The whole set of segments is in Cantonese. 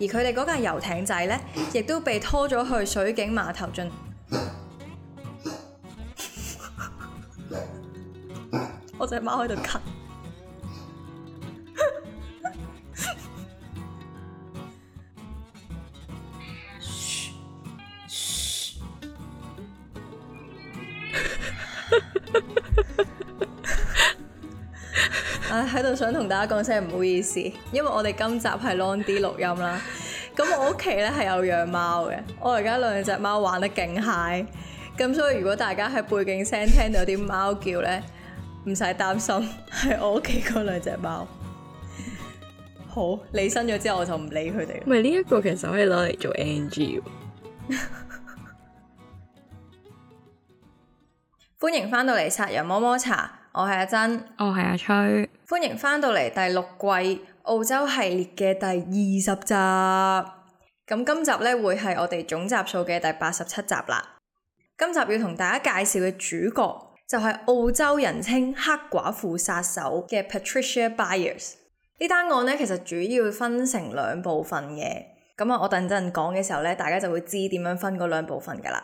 而佢哋嗰架遊艇仔呢，亦都被拖咗去水警碼頭進。 我隻貓喺度咳。想同大家講聲唔好意思，因為我哋今集係 long 啲錄音啦。咁我屋企咧係有養貓嘅，我而家兩隻貓玩得勁嗨，咁所以如果大家喺背景聲聽到啲貓叫咧，唔使擔心，係我屋企嗰兩隻貓。好，你生咗之後我就唔理佢哋。唔係呢一個其實可以攞嚟做 NG。歡迎翻到嚟，殺人摸摸茶。我係阿珍，我係、oh, 阿崔，歡迎翻到嚟第六季澳洲系列嘅第二十集。咁今集咧會係我哋總集數嘅第八十七集啦。今集要同大家介紹嘅主角就係、是、澳洲人稱黑寡婦殺手嘅 Patricia Byers。呢單案咧其實主要分成兩部分嘅，咁啊我等陣講嘅時候咧，大家就會知點樣分嗰兩部分噶啦。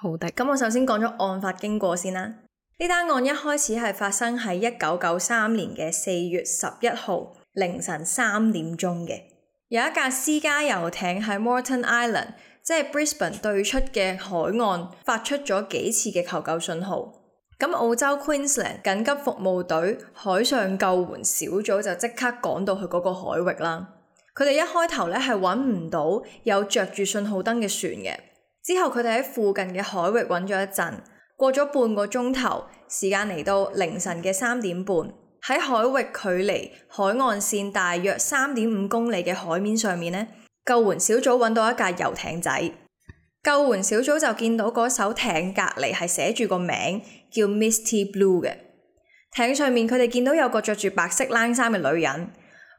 好的。咁我首先講咗案發經過先啦。呢單案一開始係發生喺一九九三年嘅四月十一號凌晨三點鐘嘅，有一架私家遊艇喺 Moreton Island，即係 Brisbane 對出嘅海岸，發出咗幾次嘅求救信號。咁澳洲 Queensland 緊急服務隊海上救援小組就即刻趕到去嗰個海域啦。佢哋一開頭咧係揾唔到有著住信號燈嘅船嘅，之後佢哋喺附近嘅海域揾咗一陣。過咗半個鐘頭時間，嚟到凌晨嘅三點半，喺海域距離海岸線大約三點五公里嘅海面上面呢，救援小組揾到一架遊艇仔。救援小組就見到嗰艘艇隔籬係寫住個名叫 Misty Blue 嘅。艇上面，佢哋見到有個着住白色冷衫嘅女人。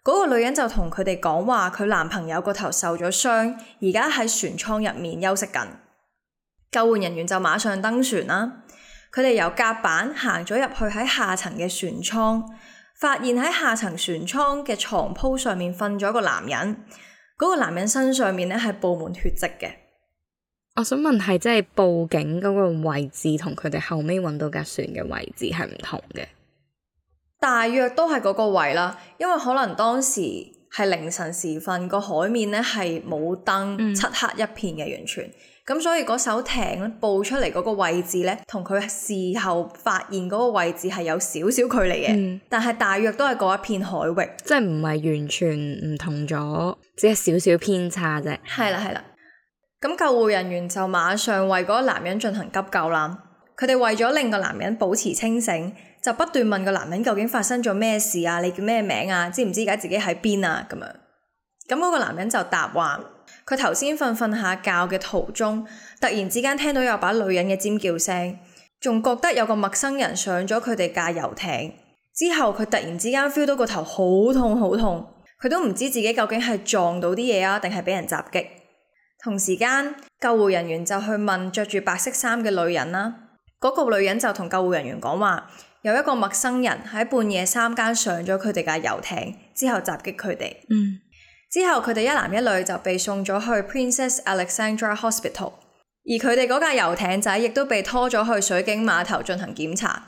嗰個女人就同佢哋講話佢男朋友個頭受咗傷，而家喺船艙入面休息緊。救援人員就馬上登船啦，佢哋由甲板行咗入去喺下層嘅船艙，發現喺下層船艙嘅床鋪上面瞓咗一個男人，嗰、嗰個男人身上面咧係佈滿血跡嘅。我想問係即係報警嗰個位置同佢哋後尾揾到架船嘅位置係唔同嘅？大約都係嗰個位啦，因為可能當時係凌晨時分，嗰個海面咧係冇燈，漆、嗯、黑一片嘅完全。咁所以嗰艘艇咧，報出嚟嗰個位置咧，同佢事後發現嗰個位置係有少少距離嘅，嗯、但係大約都係嗰一片海域，即係唔係完全唔同咗，只係少少偏差啫。係啦係啦，咁救護人員就馬上為嗰個男人進行急救啦。佢哋為咗令個男人保持清醒，就不斷問個男人究竟發生咗咩事啊？你叫咩名啊？知唔知而家自己喺邊啊？咁樣，咁嗰個男人就答話。佢頭先瞓瞓下覺嘅途中，突然之間聽到有把女人嘅尖叫聲，仲覺得有個陌生人上咗佢哋架遊艇之後，佢突然之間 feel 到個頭好痛好痛，佢都唔知自己究竟係撞到啲嘢啊，定係俾人襲擊。同時間，救護人員就去問着住白色衫嘅女人啦，嗰個女人就同救護人員講話：有一個陌生人喺半夜三更上咗佢哋架遊艇之後襲擊佢哋。嗯。之後佢哋一男一女就被送咗去 Princess Alexandra Hospital，而佢哋嗰架遊艇仔亦都被拖咗去水景碼頭進行檢查。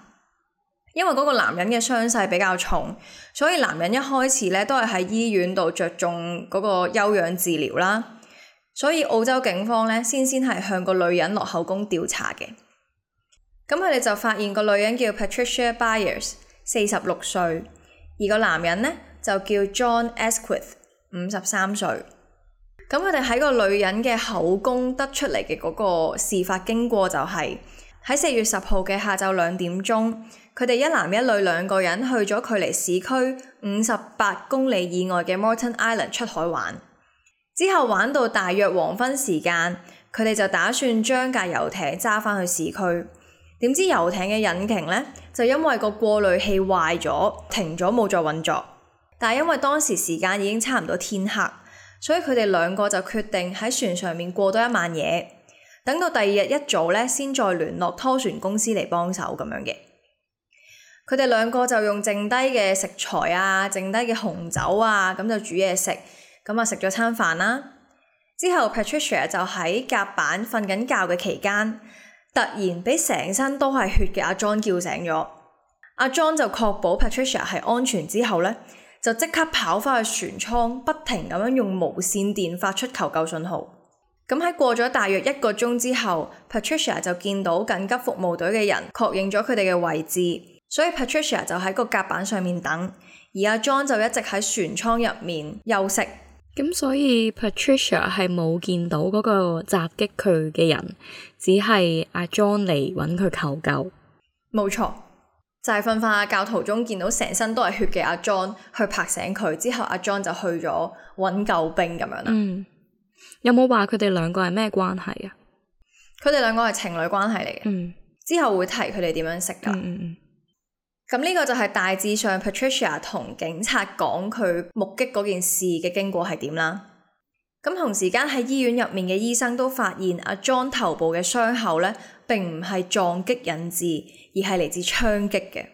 因為嗰個男人嘅傷勢比較重，所以男人一開始咧都係喺醫院度着重嗰個休養治療啦。所以澳洲警方咧先先係向個女人落口供調查嘅。咁佢哋就發現個女人叫 Patricia Byers，四十六歲，而個男人呢就叫 John Esquith。五十三歲，咁佢哋喺個女人嘅口供得出嚟嘅嗰個事發經過就係喺四月十號嘅下晝兩點鐘，佢哋一男一女兩個人去咗距離市區五十八公里以外嘅 Morton Island 出海玩，之後玩到大約黃昏時間，佢哋就打算將架遊艇揸翻去市區，點知遊艇嘅引擎呢，就因為個過濾器壞咗，停咗冇再運作。但係因為當時時間已經差唔多天黑，所以佢哋兩個就決定喺船上面過多一晚嘢，等到第二日一早咧，先再聯絡拖船公司嚟幫手咁樣嘅。佢哋兩個就用剩低嘅食材啊，剩低嘅紅酒啊，咁就煮嘢食，咁啊食咗餐飯啦。之後 Patricia 就喺甲板瞓緊覺嘅期間，突然俾成身都係血嘅阿 John 叫醒咗，阿 John 就確保 Patricia 係安全之後咧。就即刻跑翻去船艙，不停咁樣用無線電發出求救信號。咁喺過咗大約一個鐘之後，Patricia 就見到緊急服務隊嘅人，確認咗佢哋嘅位置。所以 Patricia 就喺個甲板上面等，而阿 John 就一直喺船艙入面休息。咁所以 Patricia 係冇見到嗰個襲擊佢嘅人，只係阿 John 嚟搵佢求救。冇錯。就係瞓瞓吓覺，途中見到成身都係血嘅阿 John 去拍醒佢之後，阿 John 就去咗揾救兵咁樣啦、嗯。有冇話佢哋兩個係咩關係啊？佢哋兩個係情侶關係嚟嘅。嗯、之後會提佢哋點樣識㗎。咁呢、嗯嗯嗯、個就係大致上 Patricia 同警察講佢目擊嗰件事嘅經過係點啦。咁同時間喺醫院入面嘅醫生都發現阿 John 頭部嘅傷口咧，並唔係撞擊引致。而係嚟自槍擊嘅。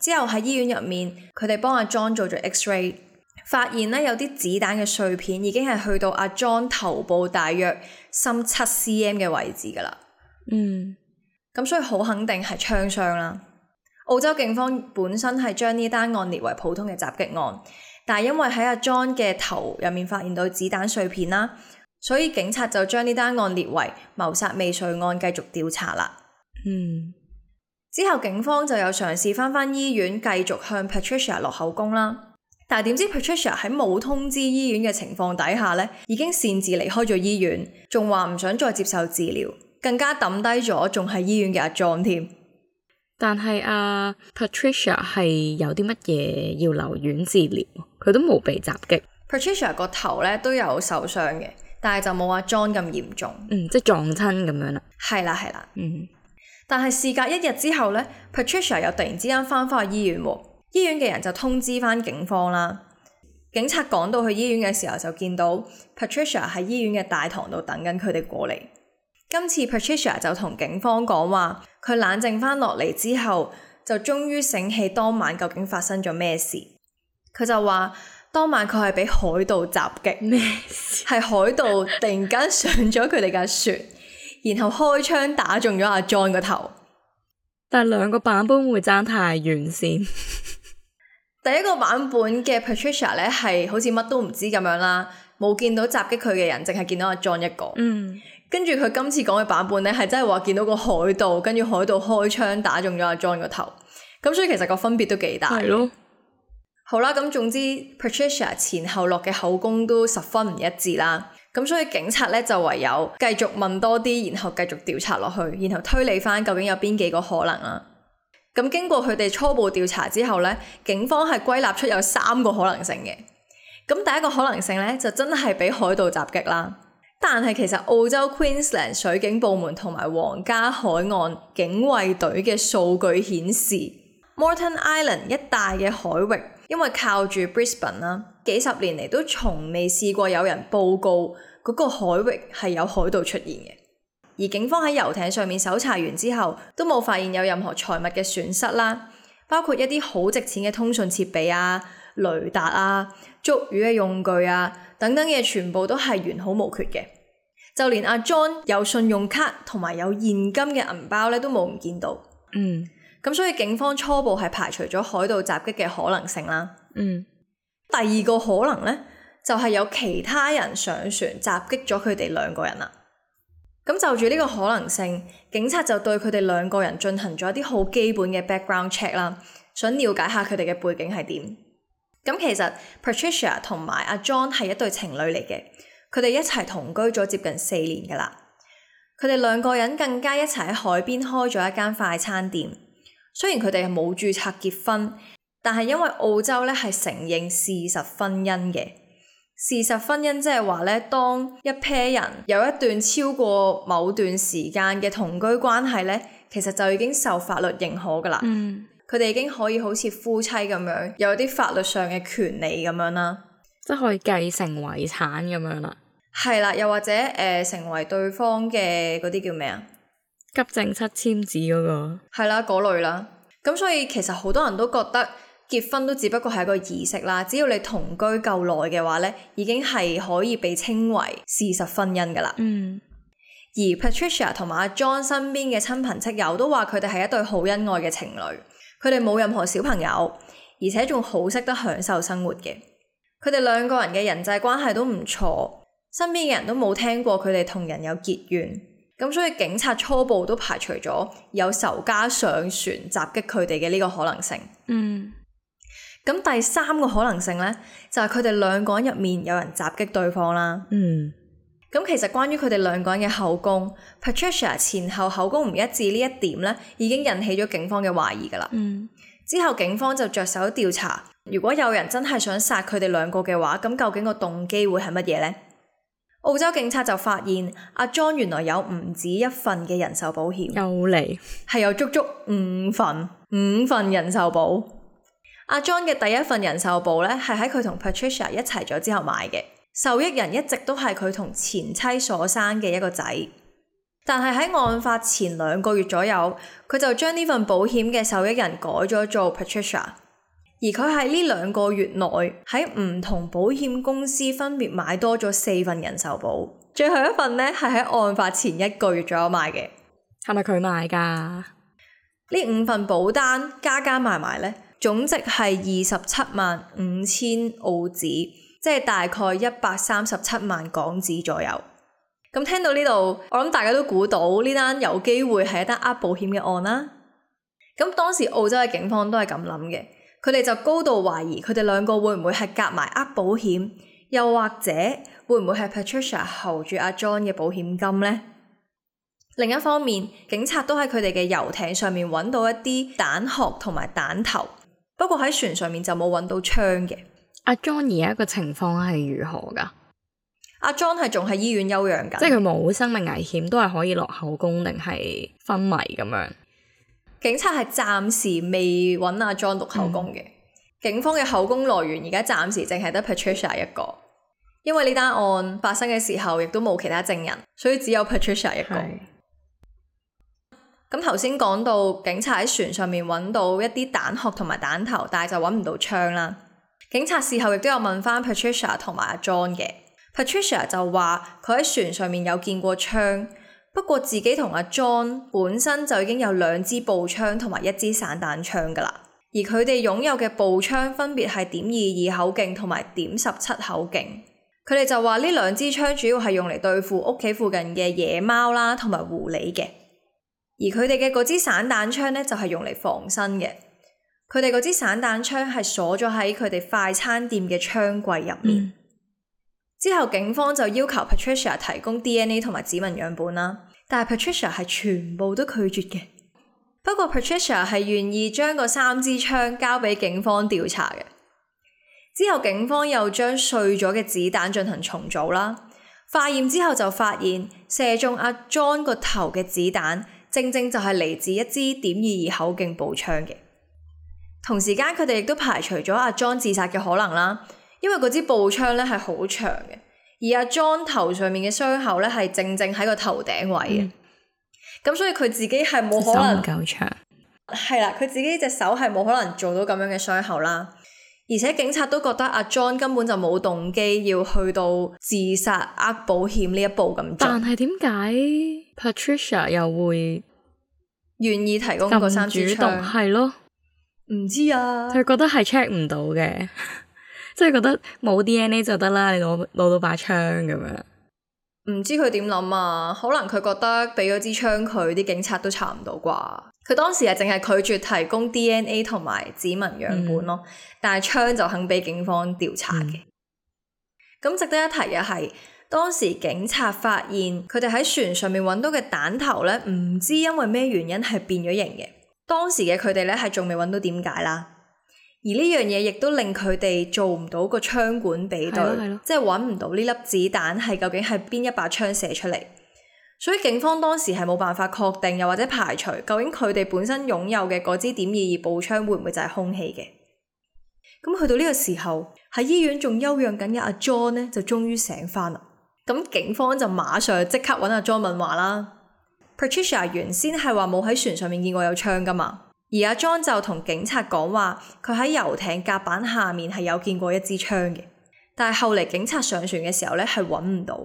之後喺醫院入面，佢哋幫阿 John 做咗 X-ray，發現咧有啲子彈嘅碎片已經係去到阿 John 頭部大約深七 cm 嘅位置噶啦。嗯，咁所以好肯定係槍傷啦。澳洲警方本身係將呢單案列為普通嘅襲擊案，但係因為喺阿 John 嘅頭入面發現到子彈碎片啦，所以警察就將呢單案列為謀殺未遂案，繼續調查啦。嗯。之後警方就有嘗試翻返醫院繼續向 Patricia 落口供啦，但係點知 Patricia 喺冇通知醫院嘅情況底下呢，已經擅自離開咗醫院，仲話唔想再接受治療，更加抌低咗仲係醫院嘅阿 John 添。但係阿、啊、Patricia 係有啲乜嘢要留院治療，佢都冇被襲擊。Patricia 個頭呢都有受傷嘅，但係就冇阿 John 咁嚴重。嗯，即係撞親咁樣啦。係啦，係啦。嗯。但係事隔一日之後咧，Patricia 又突然之間翻返去醫院，醫院嘅人就通知翻警方啦。警察趕到去醫院嘅時候，就見到 Patricia 喺醫院嘅大堂度等緊佢哋過嚟。今次 Patricia 就同警方講話，佢冷靜翻落嚟之後，就終於醒起當晚究竟發生咗咩事。佢就話當晚佢係俾海盜襲擊咩？係海盜突然間上咗佢哋嘅船。然後開槍打中咗阿 John 個頭，但係兩個版本會差太遠先。 第一個版本嘅 Patricia 咧，係好似乜都唔知咁樣啦，冇見到襲擊佢嘅人，淨係見到阿 John 一個。嗯，跟住佢今次講嘅版本咧，係真係話見到個海盜，跟住海盜開槍打中咗阿 John 個頭。咁所以其實個分別都幾大。係咯的。好啦，咁總之 Patricia 前後落嘅口供都十分唔一致啦。咁所以警察咧就唯有繼續問多啲，然後繼續調查落去，然後推理翻究竟有邊幾個可能啦。啊，咁經過佢哋初步調查之後咧，警方係歸納出有三個可能性嘅。咁第一個可能性咧就真係俾海盜襲擊啦。但係其實澳洲 Queensland 水警部門同埋皇家海岸警衛隊嘅數據顯示，Morton Island 一帶嘅海域。因為靠住 Brisbane 啦，幾十年嚟，都從未試過有人報告嗰、嗰個海域係有海盜出現嘅。而警方喺遊艇上面搜查完之後，都冇發現有任何財物嘅損失啦，包括一啲好值錢嘅通訊設備啊、雷達啊、捉魚嘅用具啊等等嘢，全部都係完好無缺嘅。就連阿 John 有信用卡同埋有現金嘅銀包咧，都冇唔見到。嗯。咁所以警方初步係排除咗海盜襲擊嘅可能性啦。嗯，第二個可能呢，就係有其他人上船襲擊咗佢哋兩個人啦。咁就住呢個可能性，警察就對佢哋兩個人進行咗一啲好基本嘅 background check 啦，想了解下佢哋嘅背景係點。咁其實 Patricia 同埋阿 John 係一對情侶嚟嘅，佢哋一齊同居咗接近四年噶啦。佢哋兩個人更加一齊喺海邊開咗一間快餐店。雖然佢哋係冇註冊結婚，但係因為澳洲咧係承認事實婚姻嘅。事實婚姻即係話咧，當一 pair 人有一段超過某段時間嘅同居關係咧，其實就已經受法律認可噶啦。嗯，佢哋已經可以好似夫妻咁樣，有啲法律上嘅權利咁樣啦。即係可以繼承遺產咁樣啦。係啦，又或者誒、呃，成為對方嘅嗰啲叫咩啊？急政七簽字嗰個係啦，嗰類啦。咁所以其實好多人都覺得結婚都只不過係一個儀式啦。只要你同居夠耐嘅話呢，已經係可以被稱為事實婚姻噶啦。嗯。而 Patricia 同埋阿 John 身邊嘅親朋戚友都話佢哋係一對好恩愛嘅情侶。佢哋冇任何小朋友，而且仲好識得享受生活嘅。佢哋兩個人嘅人際關係都唔錯，身邊嘅人都冇聽過佢哋同人有結怨。咁所以警察，初步都排除咗有仇家上船襲擊佢哋嘅呢個可能性。嗯。咁第三個可能性呢，就係佢哋兩個人入面有人襲擊對方啦。嗯。咁其實關於佢哋兩個人嘅口供，Patricia 前後口供唔一致呢一點呢，已經引起咗警方嘅懷疑㗎喇。嗯。之後警方就着手調查，如果有人真係想殺佢哋兩個嘅話，咁究竟個動機會係乜嘢呢？澳洲警察就發現阿 j 原來有唔止一份嘅人壽保險，又嚟來係有足足五份，五份人壽保。阿 j 嘅第一份人壽保咧係喺佢同 Patricia 一齊咗之後買嘅，受益人一直都係佢同前妻所生嘅一個仔。但係喺案發前兩個月左右，佢就將呢份保險嘅受益人改咗做 Patricia。而佢喺呢兩個月內喺唔同保險公司分別買多咗四份人壽保，最後一份呢，係喺案發前一個月左右買嘅，係咪佢買噶？呢五份保單加加埋埋呢，總值係二十七萬五千澳紙，即係大概一百三十七萬港紙左右。咁聽到呢度，我諗大家都估到呢單有機會係一單呃保險嘅案啦。咁當時澳洲嘅警方都係咁諗嘅。佢哋就高度懷疑佢哋兩個會唔會係夾埋呃保險，又或者會唔會係 Patricia 睺住阿 John 嘅保險金呢？另一方面，警察都喺佢哋嘅遊艇上面揾到一啲彈殼同埋彈頭，不過喺船上面就冇揾到槍嘅。阿 John 而家個情況係如何噶？阿 John 係仲喺醫院休養噶，即係佢冇生命危險，都係可以落口供定係昏迷咁樣。警察係暫時未揾阿 John 錄口供嘅，嗯、警方嘅口供來源而家暫時淨係得 Patricia 一個，因為呢單案發生嘅時候亦都冇其他證人，所以只有 Patricia 一個。咁頭先講到警察喺船上面揾到一啲彈殼同埋彈頭，但係就揾唔到槍啦。警察事後亦都有問返 Patricia 同埋阿 John 嘅，Patricia 就話佢喺船上面有見過槍。不過自己同阿 John 本身就已經有兩支步槍同埋一支散彈槍噶啦，而佢哋擁有嘅步槍分別係點二二口徑同埋點十七口徑。佢哋就話呢兩支槍主要係用嚟對付屋企附近嘅野貓啦同埋狐狸嘅，而佢哋嘅嗰支散彈槍呢，就係用嚟防身嘅。佢哋嗰支散彈槍係鎖咗喺佢哋快餐店嘅槍櫃入面。嗯之後警方就要求 Patricia 提供 DNA 同埋指紋樣本啦，但係 Patricia 係全部都拒絕嘅。不過 Patricia 係願意將個三支槍交俾警方調查嘅。之後警方又將碎咗嘅子彈進行重組啦，化驗之後就發現射中阿 John 個頭嘅子彈正正就係嚟自一支點二二口徑步槍嘅。同時間佢哋亦都排除咗阿 John 自殺嘅可能啦。因為嗰支步槍咧係好長嘅，而阿 John 頭上面嘅傷口咧係正正喺個頭頂位嘅，咁、嗯、所以佢自己係冇可能夠長，係啦，佢自己隻手係冇可能做到咁樣嘅傷口啦。而且警察都覺得阿 John 根本就冇動機要去到自殺、呃，保險呢一步咁，但係點解 Patricia 又會願意提供嗰三支槍？係咯 錯，唔知啊，佢覺得係 check 唔到嘅。即係覺得冇 DNA 就得啦，你攞攞到把槍咁樣，唔知佢點諗啊？可能佢覺得畀咗支槍佢啲警察都查唔到啩？佢當時係淨係拒絕提供 DNA 同埋指紋樣本咯，嗯、但係槍就肯俾警方調查嘅。咁、嗯、值得一提嘅係，當時警察發現佢哋喺船上面揾到嘅彈頭咧，唔知因為咩原因係變咗形嘅。當時嘅佢哋咧係仲未揾到點解啦。而呢樣嘢亦都令佢哋做唔到個槍管比對，即係揾唔到呢粒子彈係究竟係邊一把槍射出嚟，所以警方當時係冇辦法確定，又或者排除究竟佢哋本身擁有嘅嗰支點二二步槍會唔會就係兇器嘅。咁去到呢個時候，喺醫院仲休養緊嘅阿 John 呢，就終於醒翻啦。咁警方就馬上即刻揾阿 John 問話啦。Patricia 原先係話冇喺船上面見過有槍噶嘛。而阿莊就同警察講話，佢喺游艇甲板下面係有見過一支槍嘅，但係後嚟警察上船嘅時候呢，係揾唔到。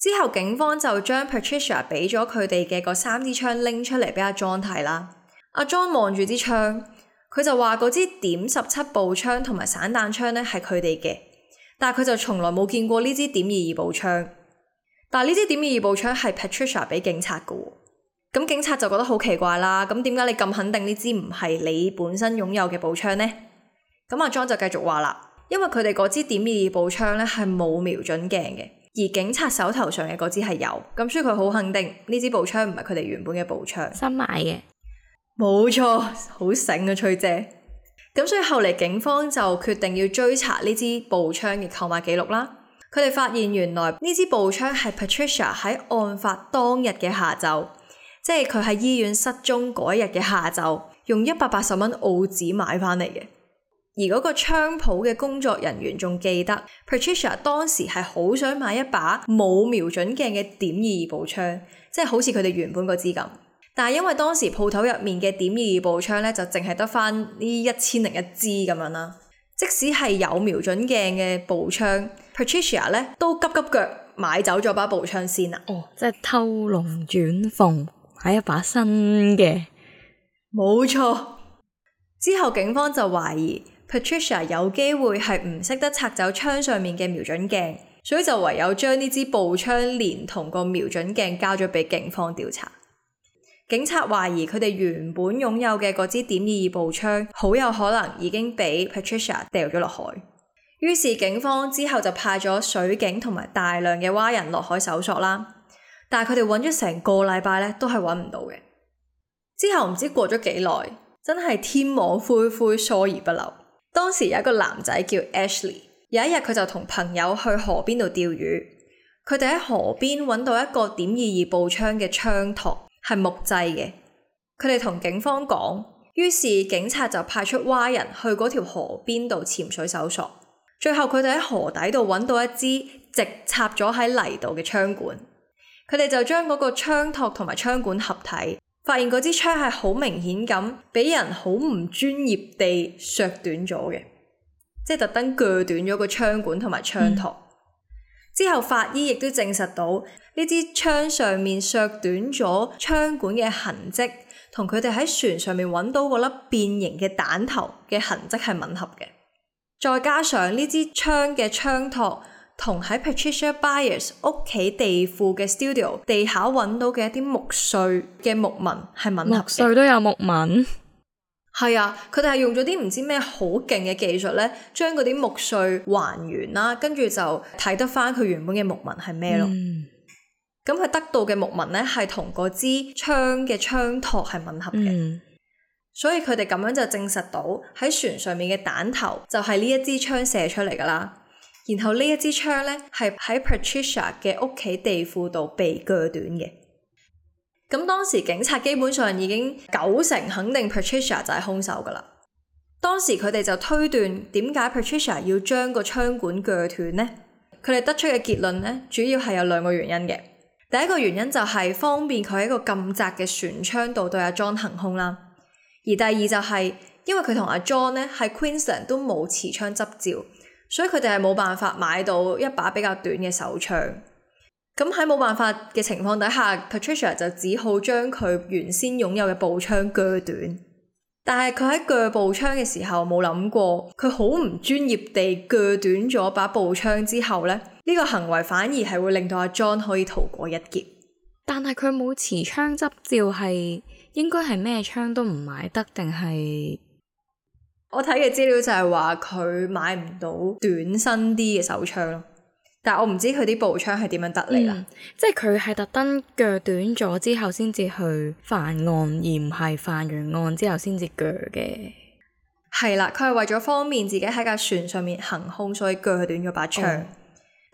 之後警方就將 Patricia 畀咗佢哋嘅嗰三支槍拎出嚟畀阿莊睇啦。阿莊望住支槍，佢就話嗰支點十七步槍同埋散彈槍呢係佢哋嘅，但係佢就從來冇見過呢支點二二步槍。但係呢支點二二步槍係 Patricia 畀警察嘅。咁警察就覺得好奇怪啦！咁點解你咁肯定呢支唔係你本身擁有嘅步槍呢？咁阿莊就繼續話啦，因為佢哋嗰支點二步槍咧係冇瞄準鏡嘅，而警察手頭上嘅嗰支係有，咁所以佢好肯定呢支步槍唔係佢哋原本嘅步槍。新買嘅，冇錯，好醒啊，翠姐！咁所以後嚟警方就決定要追查呢支步槍嘅購買記錄啦。佢哋發現原來呢支步槍係 Patricia 喺案發當日嘅下晝，即係佢喺醫院失蹤嗰一日嘅下晝，用一百八十蚊澳紙買翻嚟嘅。而嗰個槍鋪嘅工作人員仲記得，Patricia 當時係好想買一把冇瞄準鏡嘅點二步槍，即係好似佢哋原本個支咁。但係因為當時鋪頭入面嘅點二二步槍咧，就淨係得翻呢一千零一支咁樣啦。即使係有瞄準鏡嘅步槍 ，Patricia 咧都急急腳買走咗把步槍先啦。哦，即係偷龍轉鳳。買一把新嘅，冇錯。之後警方就懷疑 Patricia 有機會係唔識得拆走槍上面嘅瞄準鏡，所以就唯有將呢支步槍連同個瞄準鏡交咗俾警方調查。警察懷疑佢哋原本擁有嘅嗰支點二步槍，好有可能已經俾 Patricia 掉咗落海。於是警方之後就派咗水警同埋大量嘅蛙人落海搜索啦。但係佢哋揾咗成個禮拜咧，都係揾唔到嘅。之後唔知過咗幾耐，真係天網恢恢，疏而不漏。當時有一個男仔叫 Ashley，有一日佢就同朋友去河邊度釣魚。佢哋喺河邊揾到一個點二二步槍嘅槍托，係木製嘅。佢哋同警方講，於是警察就派出蛙人去嗰條河邊度潛水搜索。最後佢哋喺河底度揾到一支直插咗喺泥度嘅槍管。佢哋就將嗰個槍托同埋槍管合體，發現嗰支槍係好明顯咁俾人好唔專業地削短咗嘅，即係特登鋸短咗個槍管同埋槍托。嗯、之後法醫亦都證實到呢支槍上面削短咗槍管嘅痕跡，同佢哋喺船上面揾到嗰粒變形嘅彈頭嘅痕跡係吻合嘅。再加上呢支槍嘅槍托。同喺 Patricia Byers 屋企地庫嘅 studio 地下揾到嘅一啲木碎嘅木紋係吻合嘅。木碎都有木紋，係啊！佢哋係用咗啲唔知咩好勁嘅技術呢，將嗰啲木碎還原啦，跟住就睇得翻佢原本嘅木紋係咩咯。咁佢、嗯、得到嘅木紋呢，係同嗰支槍嘅槍托係吻合嘅。嗯、所以佢哋咁樣就證實到喺船上面嘅彈頭就係呢一支槍射出嚟噶啦。然後呢一支槍咧，係喺 Patricia 嘅屋企地庫度被鋸斷嘅。咁當時警察基本上已經九成肯定 Patricia 就係凶手噶啦。當時佢哋就推斷，點解 Patricia 要將個槍管鋸斷呢？佢哋得出嘅結論咧，主要係有兩個原因嘅。第一個原因就係、是、方便佢喺一個咁窄嘅船艙度對阿 John 行凶啦。而第二就係、是、因為佢同阿 John 咧係 Queensland 都冇持槍執照。所以佢哋係冇辦法買到一把比較短嘅手槍，咁喺冇辦法嘅情況底下，Patricia 就只好將佢原先擁有嘅步槍鋸短。但係佢喺鋸步槍嘅時候冇諗過，佢好唔專業地鋸短咗把步槍之後呢，呢、呢個行為反而係會令到阿 John 可以逃過一劫。但係佢冇持槍執照，係應該係咩槍都唔買得，定係？我睇嘅資料就係話佢買唔到短身啲嘅手槍咯，但係我唔知佢啲步槍係點樣得嚟啦，嗯。即係佢係特登鋸短咗之後先至去犯案，而唔係犯完案之後先至鋸嘅。係啦，佢係為咗方便自己喺架船上面行兇，所以鋸短咗把槍。哦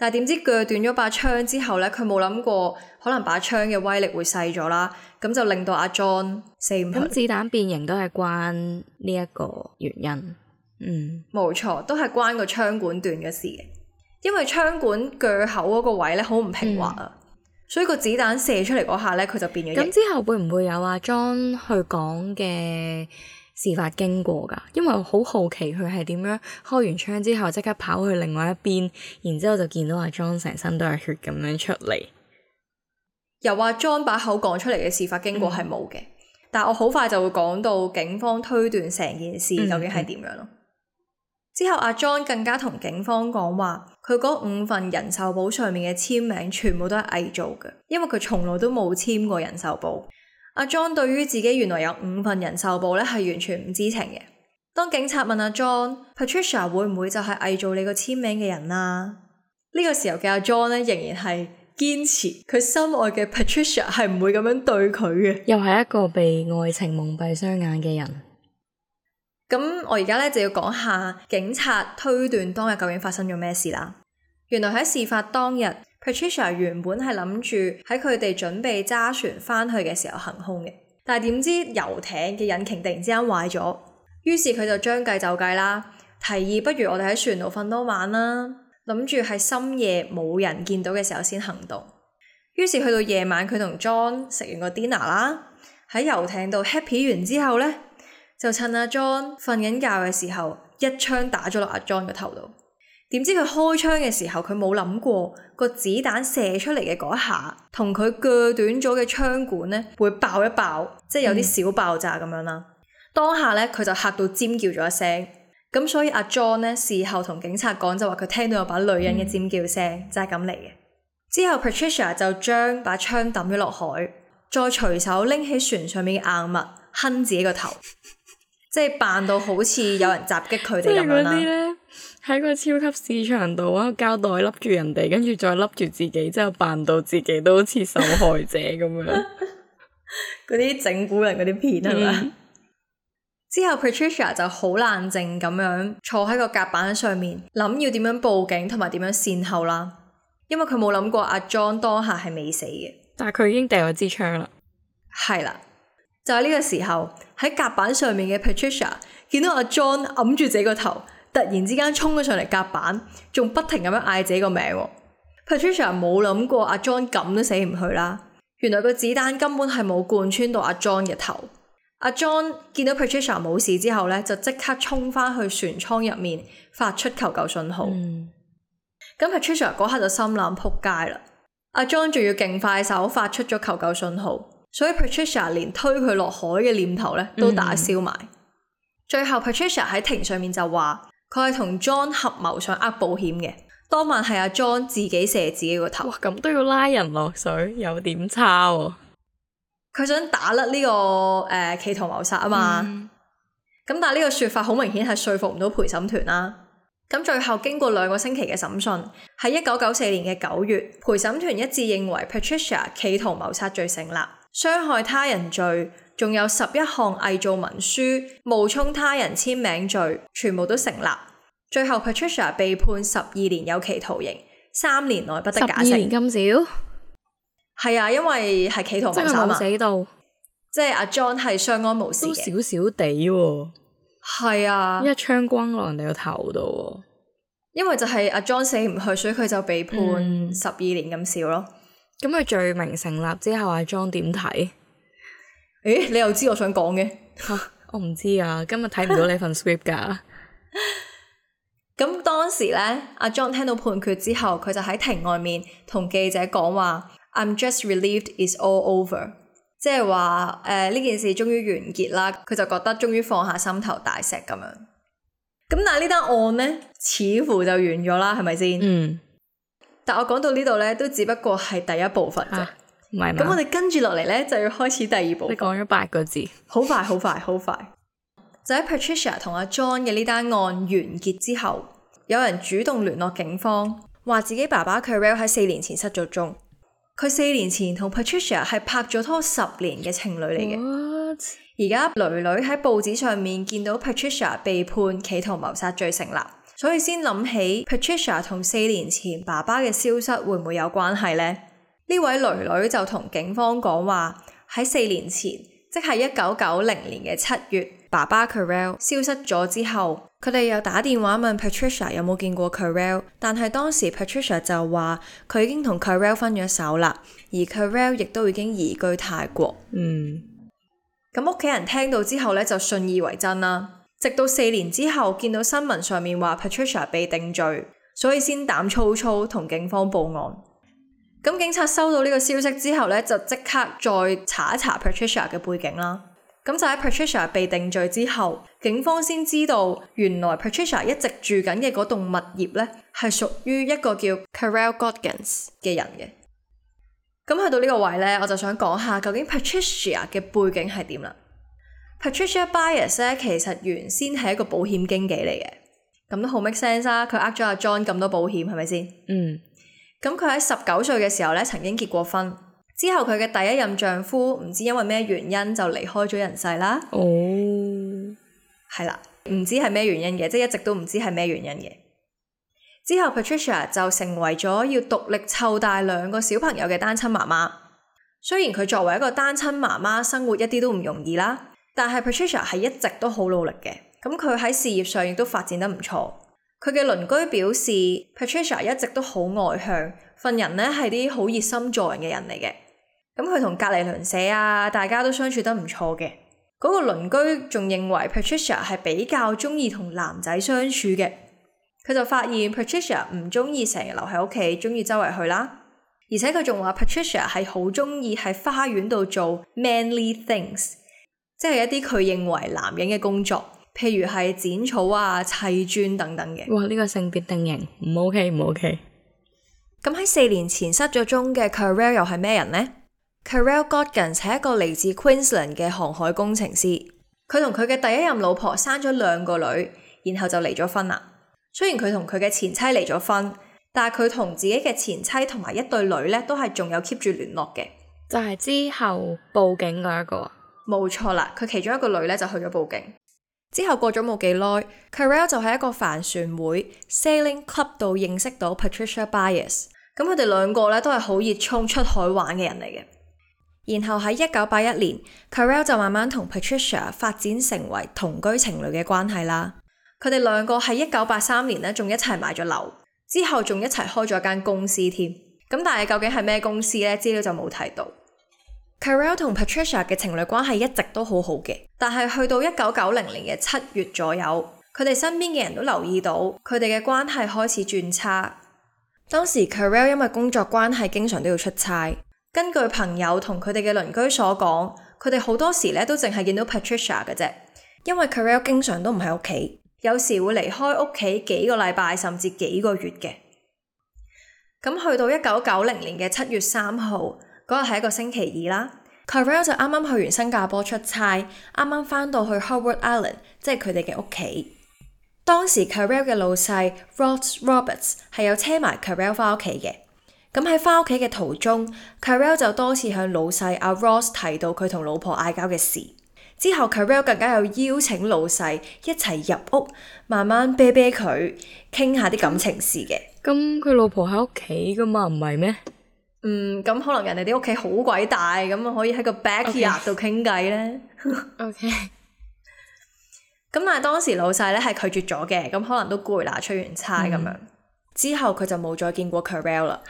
但係點知鋸斷咗把槍之後咧，佢冇諗過可能把槍嘅威力會細咗啦，咁就令到阿 John 死唔去。咁子彈變形都係關呢一個原因，嗯，冇錯，都係關個槍管斷嘅事嘅，因為槍管鋸口嗰個位咧，好唔平滑啊，嗯，所以個子彈射出嚟嗰下咧，佢就變咗。咁之後會唔會有阿 John 去講嘅？事發經過噶，因為我好好奇佢係點樣開完槍之後，即刻跑去另外一邊，然之後就見到阿 John 成身都係血咁樣出嚟。由阿 John 把口講出嚟嘅事發經過係冇嘅，嗯、但我好快就會講到警方推斷成件事究竟係點樣咯。嗯嗯，之後阿 John 更加同警方講話，佢嗰五份人壽保上面嘅簽名全部都係偽造嘅，因為佢從來都冇簽過人壽保。阿 John 對於自己原來有五份人壽保咧係完全唔知情嘅。當警察問阿 John，Patricia Patricia 會唔會就係偽造你個簽名嘅人啊？呢、呢個時候嘅阿 John 咧仍然係堅持佢心愛嘅 Patricia 係唔會咁樣對佢嘅。又係一個被愛情蒙蔽雙眼嘅人。咁我而家咧就要講下警察推斷當日究竟發生咗咩事啦。原來喺事發當日，Patricia 原本係諗住喺佢哋準備揸船返去嘅時候行凶嘅，但係點知遊艇嘅引擎突然之間壞咗，於是佢就將計就計啦，提議不如我哋喺船度瞓多晚啦，諗住喺深夜冇人見到嘅時候先行動。於是去到夜晚，佢同 John 食完個 dinner 啦，喺遊艇度 happy 完之後呢，就趁阿 John 瞓緊覺嘅時候，一槍打咗落阿 John 嘅頭度。點知佢開槍嘅時候，佢冇諗過個子彈射出嚟嘅嗰下，同佢鋸短咗嘅槍管呢會爆一爆，即係有啲小爆炸咁樣啦。嗯、當下呢，佢就嚇到尖叫咗一聲，咁所以阿 John 呢，事後同警察講就話佢聽到有把女人嘅尖叫聲，嗯、就係咁嚟嘅。之後 Patricia 就將把槍抌咗落海，再隨手拎起船上面嘅硬物，撼自己個頭， 即係扮到好似有人襲擊佢哋咁樣啦。喺個超級市場度，一個膠袋笠住人哋，跟住再笠住自己，之後扮到自己都好似受害者咁樣，嗰啲 整蠱人嗰啲片係咪、嗯？之後 Patricia 就好冷靜咁樣坐喺個甲板上面，諗要點樣報警同埋點樣善後啦。因為佢冇諗過阿 John 當下係未死嘅，但係佢已經掟咗支槍啦。係啦，就喺、是、呢個時候喺甲板上面嘅 Patricia 見到阿 John 揞住自己個頭。突然之間衝咗上嚟甲板，仲不停咁樣嗌自己個名。Patricia 冇諗過阿 John 咁都死唔去啦。原來個子彈根本係冇貫穿到阿 John 嘅頭。阿 John 見到 Patricia 冇事之後咧，就即刻衝翻去船艙入面發出求救信號。咁、嗯、Patricia 嗰刻就心諗扑街啦。阿 John 仲要勁快手發出咗求救信號，所以 Patricia 連推佢落海嘅念頭咧都打消埋。嗯、最後 Patricia 喺庭上面就話。佢係同 John 合謀想呃保險嘅，當晚係阿 John 自己射自己個頭。哇，咁都要拉人落水，有點差、啊。佢想打甩呢、呢個誒、呃、企圖謀殺啊嘛。咁、嗯、但係呢個說法好明顯係說服唔到陪審團啦。咁最後經過兩個星期嘅審訊，喺一九九四年嘅九月，陪審團一致認為 Patricia 企圖謀殺罪成立。傷害他人罪，仲有十一項偽造文書、冒充他人簽名罪，全部都成立。最後 Patricia 被判十二年有期徒刑，三年內不得假釋。十二年咁少？係啊，因為係企圖謀殺嘛。冇死到，即係阿 John 係相安無事少少地。係啊，啊一槍轟落人哋個頭度。因為就係阿 John 死唔去，所以佢就被判十二年咁少咯。嗯咁佢罪名成立之後，阿 John 點睇？誒，你又知我想講嘅、 啊？我唔知啊，今日睇唔到你份 script 噶。咁 當時咧，阿 John 聽到判決之後，佢就喺庭外面同記者講話：I'm just relieved, it's all over。即係話誒，呢、呃、件事終於完結啦，佢就覺得終於放下心頭大石咁樣。咁但係呢單案咧，似乎就完咗啦，係咪先？嗯。但我講到呢度咧，都只不過係第一部分啫，唔係，咁我哋跟住落嚟咧，就要開始第二部。你講咗八個字，好快，好快，好快。 就喺 Patricia 同阿 John 嘅呢單案完結之後，有人主動聯絡警方，話自己爸爸佢 Real 喺四年前失咗蹤。佢四年前同 Patricia 係拍咗拖十年嘅情侶嚟嘅。而家囡囡喺報紙上面見到 Patricia 被判企圖謀殺罪成立。所以先諗起 Patricia 同四年前爸爸嘅消失會唔會有關係呢？呢位女女就同警方講話，喺四年前，即係一九九零年嘅七月，爸爸 Carel 消失咗之後，佢哋又打電話問 Patricia 有冇見過 Carel，但係當時 Patricia 就話佢已經同 Carel 分咗手啦，而 Carel 亦都已經移居泰國。嗯，咁屋企人聽到之後咧，就信以為真啦。直到四年之後見到新聞上面話 Patricia 被定罪，所以先膽粗粗同警方報案。咁警察收到呢個消息之後呢，就即刻再查一查 Patricia 嘅背景啦。咁就喺 Patricia 被定罪之後，警方先知道原來 Patricia 一直住緊嘅嗰棟物業呢，係屬於一個叫 Carol Gorgans 嘅人嘅。咁去到呢個位呢，我就想講下究竟 Patricia 嘅背景係點啦。Patricia Byers 咧，其實原先係一個保險經紀嚟嘅，咁都好 make sense 啊！佢呃咗阿 John 咁多保險，係咪先？嗯，咁佢喺十九歲嘅時候咧，曾經結過婚，之後佢嘅第一任丈夫唔知因為咩原因就離開咗人世啦。哦，係啦，唔知係咩原因嘅，即係一直都唔知係咩原因嘅。之後 Patricia 就成為咗要獨力湊大兩個小朋友嘅單親媽媽。雖然佢作為一個單親媽媽，生活一啲都唔容易啦。但係 Patricia 係一直都好努力嘅，咁佢喺事業上亦都發展得唔錯。佢嘅鄰居表示，Patricia 一直都好外向，份人呢係啲好熱心助人嘅人嚟嘅。咁佢同隔籬鄰舍啊，大家都相處得唔錯嘅。嗰個鄰居仲認為 Patricia 係比較中意同男仔相處嘅。佢就發現 Patricia 唔中意成日留喺屋企，中意周圍去啦。而且佢仲話 Patricia 係好中意喺花園度做 manly things。即係一啲佢認為男人嘅工作，譬如係剪草啊、砌磚等等嘅。哇！呢個性別定型唔 OK，唔 OK。咁喺四年前失咗蹤嘅 Carell 又係咩人呢？Carell Godden 係一個嚟自 Queensland 嘅航海工程師。佢同佢嘅第一任老婆生咗兩個女，然後就離咗婚啦。雖然佢同佢嘅前妻離咗婚，但係佢同自己嘅前妻同埋一對女咧，都係仲有 keep 住聯絡嘅。就係之後報警嗰一個。冇錯啦，佢其中一個女咧就去咗報警。之後過咗冇幾耐，Carel 就喺一個帆船會 Sailing Club 度認識到 Patricia Byers。咁佢哋兩個咧都係好熱衷出海玩嘅人嚟嘅。然後喺一九八一年，Carel 就慢慢同 Patricia 發展成為同居情侶嘅關係啦。佢哋兩個喺一九八三年咧仲一齊買咗樓，之後仲一齊開咗間公司添。咁但係究竟係咩公司呢？資料就冇睇到。Carel 同 Patricia 嘅情侶關係一直都好好嘅，但係去到一九九零年嘅七月左右，佢哋身邊嘅人都留意到佢哋嘅關係開始轉差。當時 Carel 因為工作關係經常都要出差，根據朋友同佢哋嘅鄰居所講，佢哋好多時咧都淨係見到 Patricia 嘅啫，因為 Carel 經常都唔喺屋企，有時會離開屋企幾個禮拜甚至幾個月嘅。咁去到一九九零年嘅七月三號。嗰日係一個星期二啦，Carel 就啱啱去完新加坡出差，啱啱返到去 Howard Island，即係佢哋嘅屋企。當時 Carel 嘅老細 Ross Roberts 係有車埋 Carel 返屋企嘅。咁喺返屋企嘅途中，Carel 就多次向老細阿 Ross 提到佢同老婆嗌交嘅事。之後 Carel 更加有邀請老細一齊入屋，慢慢啤啤佢，傾下啲感情事嘅。咁佢老婆喺屋企㗎嘛，唔係咩？嗯，咁可能人哋啲屋企好鬼大，咁啊可以喺個 backyard 度傾偈咧。OK。咁但係當時老細咧係拒絕咗嘅，咁可能都攰啦，出完差咁樣、嗯、之後，佢就冇再見過 Carel 啦。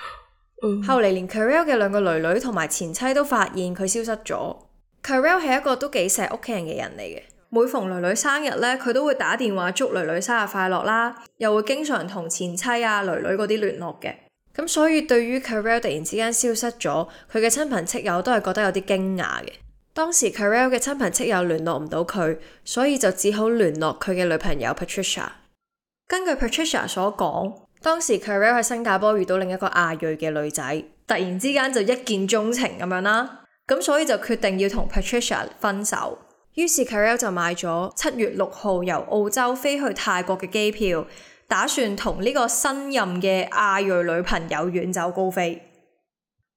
嗯、後嚟連 Carel 嘅兩個女女同埋前妻都發現佢消失咗。嗯、Carel 係一個都幾錫屋企人嘅人嚟嘅，每逢女女生日咧，佢都會打電話祝女女生日快樂啦，又會經常同前妻啊女女嗰啲聯絡嘅。咁所以對於 Carel 突然之間消失咗，佢嘅親朋戚友都係覺得有啲驚訝嘅。當時 Carel 嘅親朋戚友聯絡唔到佢，所以就只好聯絡佢嘅女朋友 Patricia。根據 Patricia 所講，當時 Carel 喺新加坡遇到另一個亞裔嘅女仔，突然之間就一見鍾情咁樣啦。咁所以就決定要同 Patricia 分手。於是 Carel 就買咗七月六號由澳洲飛去泰國嘅機票。打算同呢個新任嘅亞裔女朋友遠走高飛。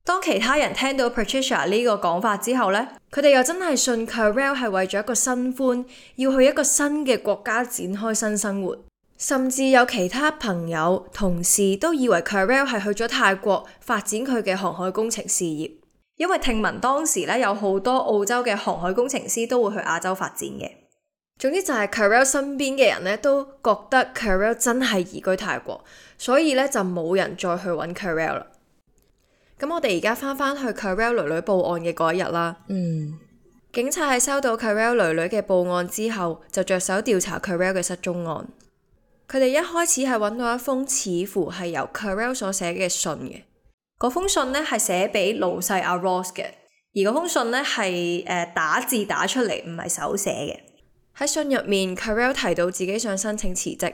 當其他人聽到 Patricia 呢個講法之後呢，佢哋又真係信 Karel 係為咗一個新歡，要去一個新嘅國家展開新生活。甚至有其他朋友同事都以為 Karel 係去咗泰國發展佢嘅航海工程事業，因為聽聞當時呢，有好多澳洲嘅航海工程師都會去亞洲發展嘅。總之就係 Carell 身邊嘅人咧，都覺得 Carell 真係移居泰國，所以咧就冇人再去揾 Carell 啦。咁我哋而家翻翻去 Carell 囡囡報案嘅嗰一日啦。嗯，警察喺收到 Carell 女女嘅報案之後，就着手調查 Carell 嘅失蹤案。佢哋一開始係揾到一封似乎係由 Carell 所寫嘅信嘅。嗰封信咧係寫俾老細阿 Ross 嘅，而嗰封信咧係誒打字打出嚟，唔係手寫嘅。喺信入面，Karel 提到自己想申請辭職，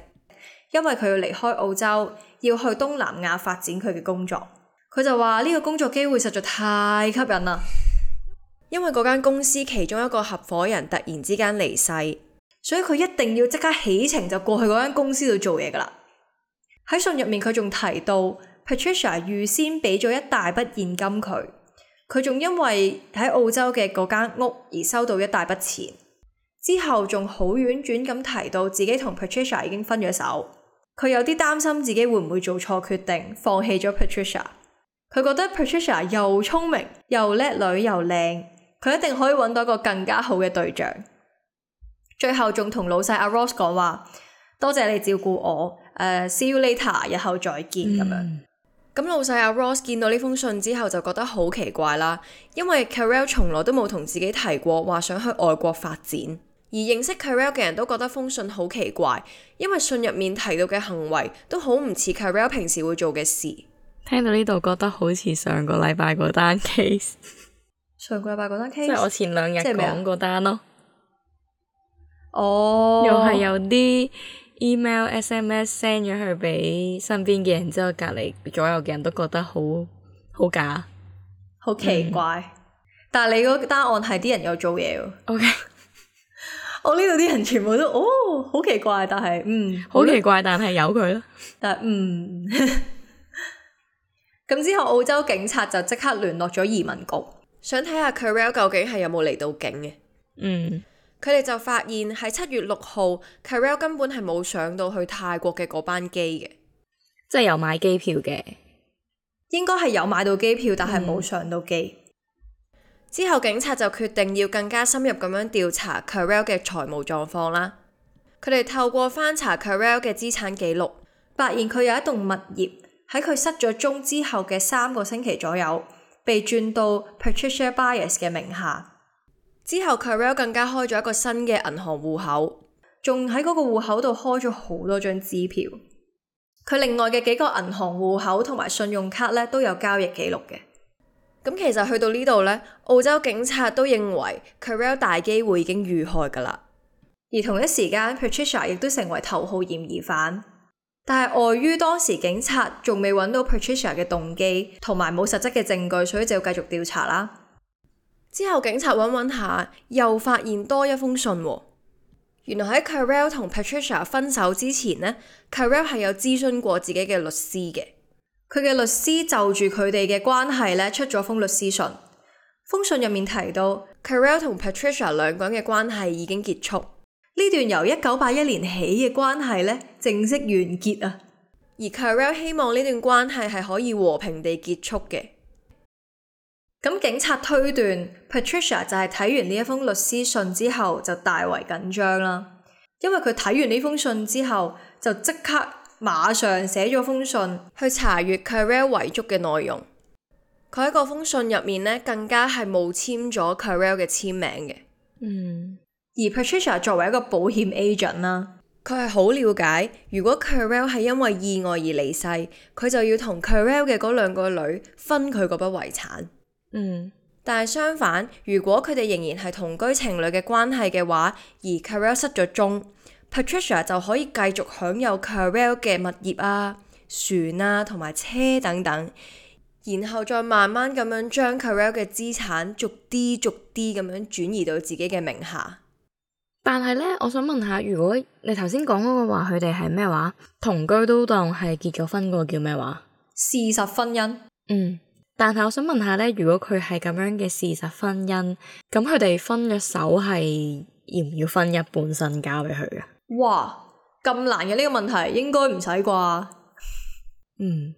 因為佢要離開澳洲，要去東南亞發展佢嘅工作。佢就話呢個工作機會實在太吸引啦，因為嗰間公司其中一個合伙人突然之間離世，所以佢一定要即刻起程就過去嗰間公司度做嘢噶啦。喺信入面，佢仲提到 Patricia 預先俾咗一大筆現金佢，佢仲因為喺澳洲嘅嗰間屋而收到一大筆錢。之後仲好婉轉咁提到自己同 Patricia 已經分咗手，佢有啲擔心自己會唔會做錯決定，放棄咗 Patricia。佢覺得 Patricia 又聰明又叻女又靚，佢一定可以揾到一個更加好嘅對象。最後仲同老細阿 Rose 講話：多謝你照顧我，誒、呃、see you later，日後再見咁、嗯、樣。咁老細阿 Rose 見到呢封信之後就覺得好奇怪啦，因為 Carrell 從來都冇同自己提過話想去外國發展。而認識 Carel 嘅人都覺得封信好奇怪，因為信入面提到嘅行為都好唔似 Carel 平時會做嘅事。聽到呢度覺得好似上個禮拜嗰單 case， 上個禮拜嗰單 case，即係我前兩日講嗰單咯。哦，oh, 又係有啲 email、SMS send 咗去畀身邊嘅人，之後隔離左右嘅人都覺得好好假，好奇怪。嗯、但係你嗰單案係啲人有做嘢喎。OK。我呢度啲人全部都哦，好奇怪，但係嗯，好奇怪， 但係有佢咯。但係嗯，咁 之後澳洲警察就即刻聯絡咗移民局，想睇下 Carel 究竟係有冇嚟到境嘅。嗯，佢哋就發現喺七月六號 Carel 根本係冇上到去泰國嘅嗰班機嘅，即係有買機票嘅，應該係有買到機票，但係冇上到機。嗯之後警察就決定要更加深入咁樣調查 Carel 嘅財務狀況啦。佢哋透過翻查 Carel 嘅資產記錄，發現佢有一棟物業喺佢失咗蹤之後嘅三個星期左右，被轉到 Patricia Byers 嘅名下。之後 Carel 更加開咗一個新嘅銀行戶口，仲喺嗰個戶口度開咗好多張支票。佢另外嘅幾個銀行戶口同埋信用卡呢，都有交易記錄嘅。咁其實去到呢度呢，澳洲警察都認為 Karel 大機會已經遇害噶啦。而同一時間，Patricia 亦都成為頭號嫌疑犯。但係礙於當時警察仲未揾到 Patricia 嘅動機同埋冇實質嘅證據，所以就要繼續調查啦。之後警察揾揾下，又發現多一封信。原來喺 Karel 同 Patricia 分手之前呢，Karel 係有諮詢過自己嘅律師嘅。佢嘅律師就住佢哋嘅關係咧，出咗封律師信。封信入面提到，Carel 同 Patricia 兩個人嘅關係已經結束，呢段由一九八一年起嘅關係咧正式完結啊。而 Carel 希望呢段關係係可以和平地結束嘅。咁警察推斷，Patricia 就係睇完呢一封律師信之後就大為緊張啦，因為佢睇完呢封信之後就即刻。馬上寫咗封信去查閱 Carel 遺囑嘅內容。佢喺個封信入面呢，更加係冇簽咗 Carel 嘅簽名嘅。嗯。而 Patricia 作為一個保險 agent 啦，佢係好了解，如果 Carel 係因為意外而離世，佢就要同 Carel 嘅嗰兩個女分佢嗰筆遺產。嗯。但係相反，如果佢哋仍然係同居情侶嘅關係嘅話，而 Carel 失咗蹤。Patricia 就可以繼續享有 Carell 嘅物業啊、船啊同埋車等等，然後再慢慢咁樣將 Carell 嘅資產逐啲逐啲咁樣轉移到自己嘅名下。但係咧，我想問下，如果你頭先講嗰個話，佢哋係咩話？同居都當係結咗婚嗰個叫咩話？嗯、事實婚姻。嗯，但係我想問下咧，如果佢係咁樣嘅事實婚姻，咁佢哋分咗手係要唔要分一半身家俾佢噶？哇，咁難嘅呢個問題應該唔使啩？嗯，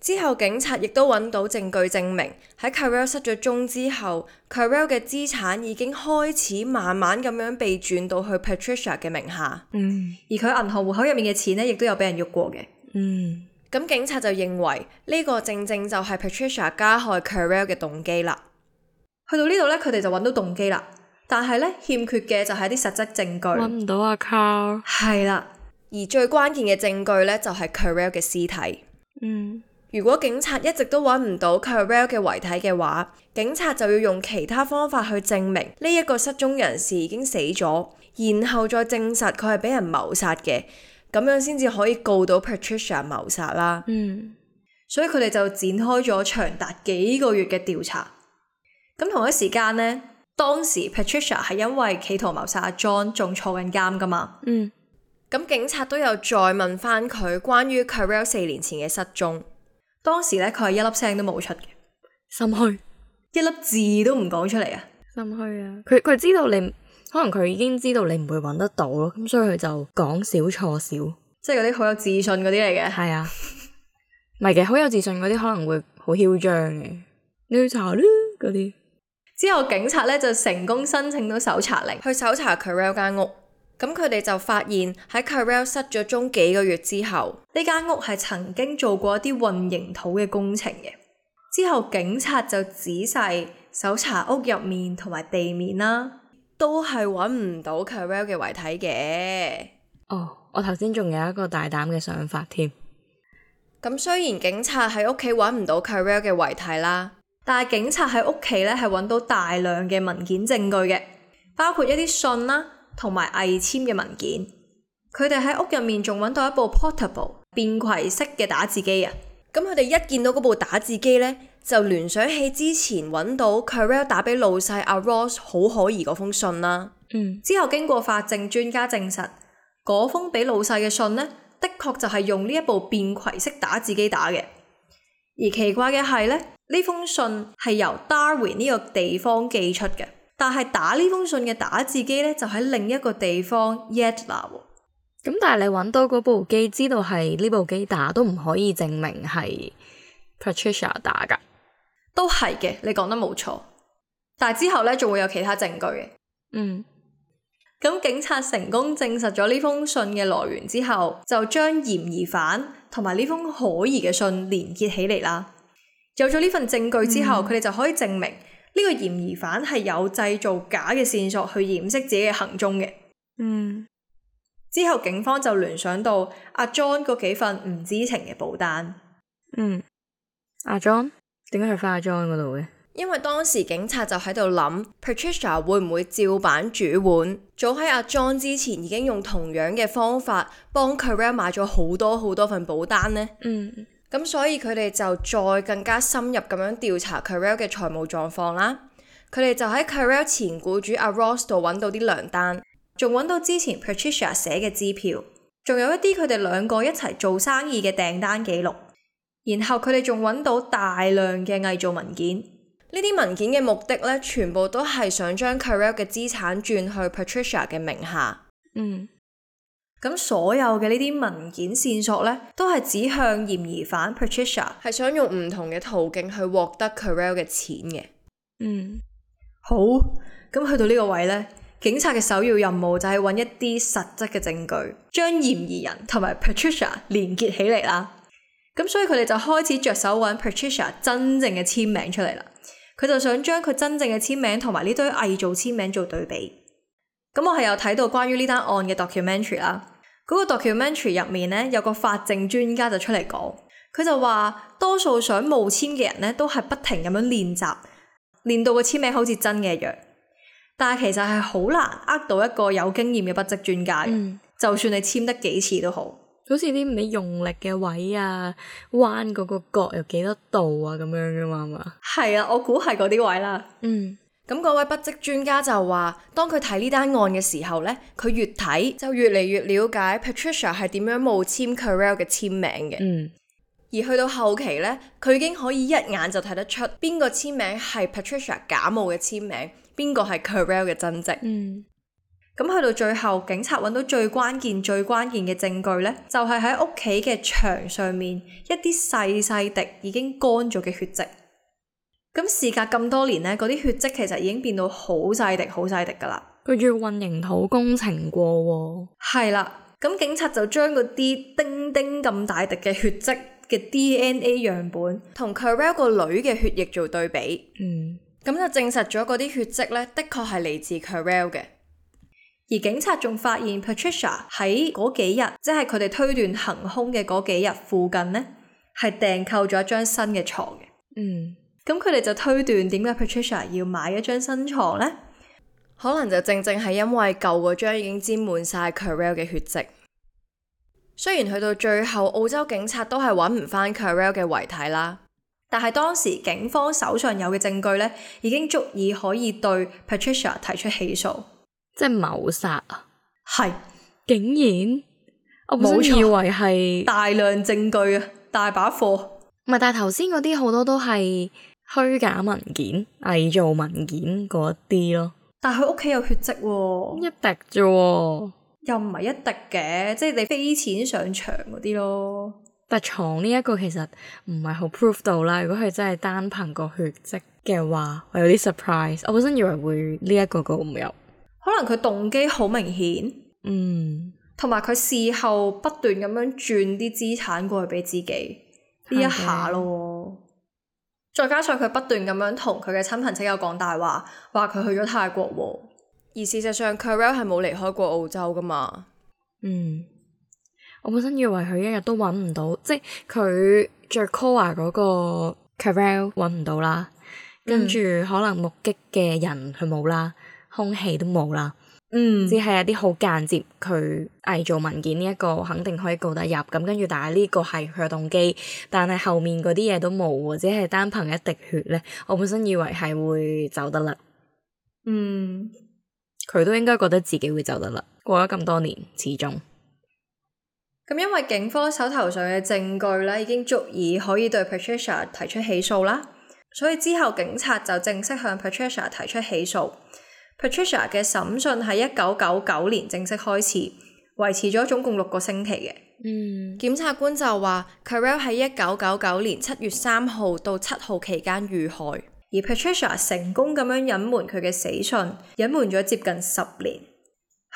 之後警察亦都揾到證據證明喺 Carel 失咗蹤之後，Carel 嘅資產已經開始慢慢咁樣被轉到去 Patricia 嘅名下。嗯，而佢銀行戶口入面嘅錢呢，亦都有俾人喐過嘅。嗯，咁警察就認為呢個正正就係 Patricia 加害 Carel 嘅動機啦。去到呢度呢，佢哋就揾到動機啦。但係咧，欠缺嘅就係啲實質證據，揾唔到阿、啊、Car。係啦，而最關鍵嘅證據咧就係、是、Carel 嘅屍體。嗯，如果警察一直都揾唔到 Carel 嘅遺體嘅話，警察就要用其他方法去證明呢一個失蹤人士已經死咗，然後再證實佢係俾人謀殺嘅，咁樣先至可以告到 Patricia 謀殺啦。嗯，所以佢哋就展開咗長達幾個月嘅調查。咁同一時間呢。當時 Patricia 係因為企圖謀殺阿 John，仲坐緊監噶嘛？嗯，咁警察都有再問翻佢關於 Carel 四年前嘅失蹤。當時咧佢係一粒聲都冇出，嘅氣，心虛，一粒字都唔講出嚟啊，心虛啊。佢佢知道你可能佢已經知道你唔會揾得到咯，咁所以佢就講少錯少，即係嗰啲好有自信嗰啲嚟嘅。係是啊，唔係嘅，好有自信嗰啲可能會好囂張嘅，你去查啦嗰啲。之後警察咧就成功申請到搜查令，去搜查 Carel 間屋。咁佢哋就發現喺 Carel 失咗蹤幾個月之後，呢間屋係曾經做過一啲混凝土嘅工程嘅。之後警察就仔細搜查屋入面同埋地面啦，都係揾唔到 Carel 嘅遺體嘅。哦，oh, 我頭先仲有一個大膽嘅想法添。咁雖然警察喺屋企揾唔到 Carel 嘅遺體啦。但係警察喺屋企咧，係揾到大量嘅文件證據嘅，包括一啲信啦，同埋偽簽嘅文件。佢哋喺屋入面仲揾到一部 portable 便攜式嘅打字機啊！咁佢哋一見到嗰部打字機咧，就聯想起之前揾到 Carel 打俾老細阿 Ross 好可疑嗰封信啦。嗯，之後經過法證專家證實，嗰封俾老細嘅信咧，的確就係用呢一部便攜式打字機打嘅。而奇怪嘅係咧，呢封信係由 Darwin 呢個地方寄出嘅，但係打呢封信嘅打字機咧就喺另一個地方 Yet 啦。咁但係你揾到嗰部機，知道係呢部機打都唔可以證明係 Patricia 打㗎。都係嘅，你講得冇錯。但係之後咧仲會有其他證據嘅，嗯。咁警察成功證實咗呢封信嘅來源之後，就將嫌疑犯同埋呢封可疑嘅信連結起嚟啦。有咗呢份證據之後，佢哋、嗯、就可以證明呢、呢個嫌疑犯係有製造假嘅線索去掩飾自己嘅行蹤嘅。嗯，之後警方就聯想到阿 John 嗰幾份唔知情嘅保單。嗯，阿 John 點解去返阿 John 嗰度嘅？因為當時警察就喺度諗，Patricia 會唔會照板煮碗？早喺阿 John 之前已經用同樣嘅方法幫 Carel 買咗好多好多份保單呢。嗯，咁所以佢哋就再更加深入咁樣調查 Carel 嘅財務狀況啦。佢哋就喺 Carel 前僱主阿 Ross 度揾到啲糧單，仲揾到之前 Patricia 寫嘅支票，仲有一啲佢哋兩個一齊做生意嘅訂單記錄。然後佢哋仲揾到大量嘅偽造文件。呢啲文件嘅目的咧，全部都係想將 Carel 嘅資產轉去 Patricia 嘅名下。嗯，咁所有嘅呢啲文件線索咧，都係指向嫌疑犯 Patricia，係想用唔同嘅途徑去獲得 Carel 嘅錢嘅。嗯，好，咁去到呢個位咧，警察嘅首要任務就係揾一啲實質嘅證據，將嫌疑人同埋 Patricia 連結起嚟啦。咁所以佢哋就開始着手揾 Patricia 真正嘅簽名出嚟啦。佢就想將佢真正嘅簽名同埋呢堆偽造簽名做對比，咁我係有睇到關於呢單案嘅 documentary 啦，嗰、嗰個 documentary 入面呢，有個法證專家就出嚟講，佢就話多數想冒簽嘅人呢，都係不停咁樣練習，練到個簽名好似真嘅一樣，但係其實係好難呃到一個有經驗嘅筆跡專家、嗯、就算你簽得幾次都好。好似啲唔用力嘅位啊，彎嗰個角有幾多度啊咁樣噶嘛，係嘛？係啊，我估係嗰啲位啦。嗯。咁嗰位筆跡專家就話，當佢睇呢單案嘅時候呢，佢越睇就越嚟越了解 Patricia 係點樣冒簽 Carel 嘅簽名嘅。嗯。而去到後期呢，佢已經可以一眼就睇得出邊個簽名係 Patricia 假冒嘅簽名，邊個係 Carel 嘅真跡。嗯。咁去到最後，警察揾到最關鍵、最關鍵嘅證據咧，就係喺屋企嘅牆上面一啲細細滴已經乾咗嘅血跡。咁事隔咁多年咧，嗰啲血跡其實已經變到好細滴，細滴、好細滴噶啦。佢要運營土工程過喎、哦。係啦，咁警察就將嗰啲丁丁咁大滴嘅血跡嘅 D N A 樣本同 Carel 個女嘅血液做對比。嗯。咁就證實咗嗰啲血跡咧，的確係嚟自 Carel 嘅。而警察仲發現 Patricia 喺嗰幾日，即係佢哋推斷行凶嘅嗰幾日附近呢，係訂購咗一張新嘅床嘅。嗯，咁佢哋就推斷點解 Patricia 要買一張新床呢？可能就正正係因為舊嗰張已經沾滿晒 Carel 嘅血跡。雖然去到最後澳洲警察都係揾唔翻 Carel 嘅遺體啦，但係當時警方手上有嘅證據呢，已經足以可以對 Patricia 提出起訴。即係謀殺啊！係是，竟然，我本身錯以為係大量證據啊，大把貨。唔係，但係頭先嗰啲好多都係虛假文件、偽造文件嗰啲咯。但係佢屋企有血跡喎、哦，一滴啫、哦，又唔係一滴嘅，即係你飛濺上牆嗰啲咯。但係床呢一個其實唔係好 proof 到啦。如果佢真係單憑個血跡嘅話，我有啲 surprise。我本身以為會呢一個個唔有。可能佢動機好明顯，嗯，同埋佢事後不斷咁樣轉啲資產過去畀自己，呢一下咯。再加上佢不斷咁樣同佢嘅親朋戚友講大話，話佢去咗泰國喎，而事實上 Carel 係冇離開過澳洲噶嘛。嗯，我本身以為佢一日都揾唔到，即係佢着 Coa 嗰個 Carel 揾唔到啦，嗯、跟住可能目擊嘅人佢冇啦。空氣都冇啦，嗯，只係一啲好間接，佢偽造文件呢一個肯定可以告得入咁，跟住但係呢個係佢嘅動機，但係後面嗰啲嘢都冇，或者係單憑一滴血呢，我本身以為係會走得甩，嗯，佢都應該覺得自己會走得甩。過咗咁多年，始終咁，因為警方手頭上嘅證據呢已經足以可以對 Patricia 提出起訴啦，所以之後警察就正式向 Patricia 提出起訴。Patricia 嘅審訊喺一九九九年正式開始，維持咗總共六個星期嘅。嗯，檢察官就話 Carel 喺一九九九年七月三號到七號期間遇害，而 Patricia 成功咁樣隱瞞佢嘅死訊，隱瞞咗接近十年。